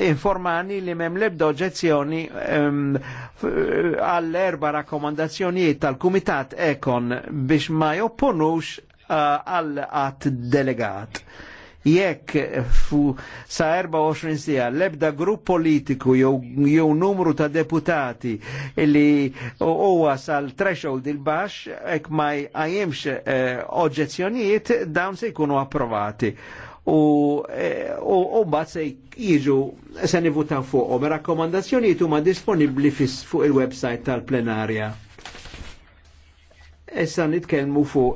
informani li mem lebda oġezzjoni ehm, għall-erba rakkomandazzjonijiet tal-Kumitat Ekon biex ma jopponux eh, għall għat delegat. Jekk fu sa 24 sija lebda grupp politiku jew numru ta' deputati li huwa sal-threshold il bax ek ma jajemx eh, oġezzjonijiet dawn se jkunu approvati u eh, u mbagħad se jiġu se nivutaw fuqhom. ir Rakkomandazzjonijiet huma disponibbli fuq il-website tal-plenarja. Issa nitkellmu fuq